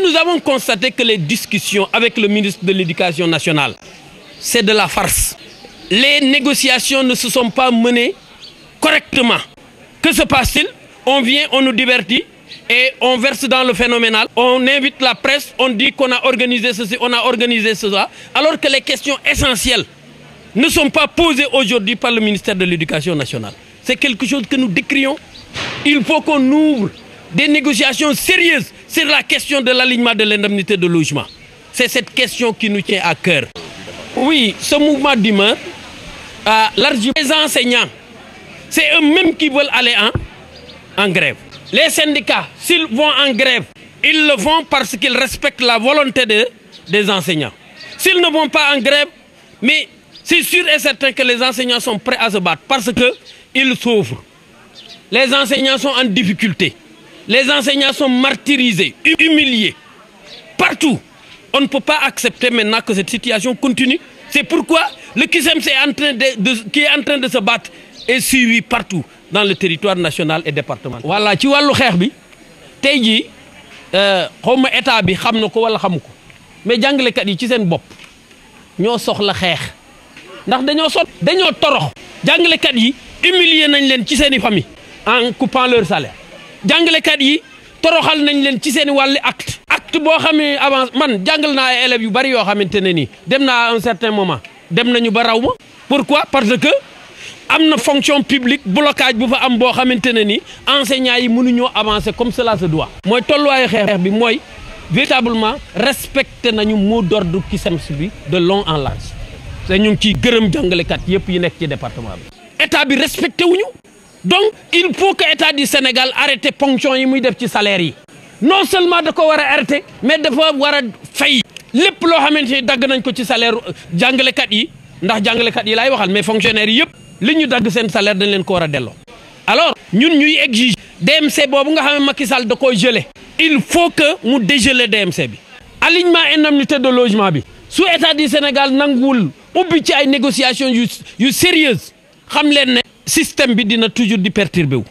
nous avons constaté que les discussions avec le ministre de l'Éducation nationale, c'est de la farce. Les négociations ne se sont pas menées correctement. Que se passe-t-il On vient, on nous divertit et on verse dans le phénoménal. On invite la presse, on dit qu'on a organisé ceci, on a organisé cela, alors que les questions essentielles ne sont pas posées aujourd'hui par le ministère de l'Éducation nationale. C'est quelque chose que nous décrions. Il faut qu'on ouvre des négociations sérieuses sur la question de l'alignement de l'indemnité de logement. C'est cette question qui nous tient à cœur. Oui, ce mouvement d'humain, l'argent euh, largement les enseignants, c'est eux-mêmes qui veulent aller en, grève. Les syndicats, s'ils vont en grève, ils le font parce qu'ils respectent la volonté des enseignants. S'ils ne vont pas en grève, mais c'est sûr et certain que les enseignants sont prêts à se battre parce qu'ils souffrent. Les enseignants sont en difficulté. Les enseignants sont martyrisés, humiliés. Partout. On ne peut pas accepter maintenant que cette situation continue. C'est pourquoi le QSEMS e est en train de, qui est en train de se battre est suivi partout dans le territoire national et départemental. Voilà, ci walu xex bi tay ji euh xawma état bi xam nako wala xamuko mais jangale kat yi ci sen bop ñoo soxla xex ndax dañoo sot dañoo torox jangale kat yi humilier nañ leen ci seeni famille en coupant leur salaire jàngalekat yi toroxal nañ leen ci seen wàlli acte acte boo xamee avance man jàngal naa ay élèves yu bari yoo xamante ne nii dem naa à moment dem nañu ba raw ma pourquoi parce que am na fonction publique blocage bu fa am boo xamante ne nii enseignants yi mënuñoo avancer comme cela se doit mooy tolluwaayu xeex bi mooy véritablement respecté nañu mot d'ordre ki sems bi de long en large te ñu ngi ciy gërëm jàngalekat yëpp yi nekk ci département bi état bi respecté wuñu donc il faut que état du Sénégal arrête ponction yi muy def ci salaire yi non seulement da ko arrêter, mais dafa war a fay lépp loo xamante ni dagg nañ ko ci salaire euh, les yi ndax jàngalekat yi laay waxal mais fonctionnaires yi yëpp li ñu salaire dañ leen ko war a alors ñun ñuy exiger DMC boobu nga que Macky Sall da gelé il faut que mu dégelé DMC bi. alignement indemnité de logement bi l'État état du Sénégal nanguwul ubbi ci ay négociations yu sérieuses xam leen système bi dina toujours di perturbé wu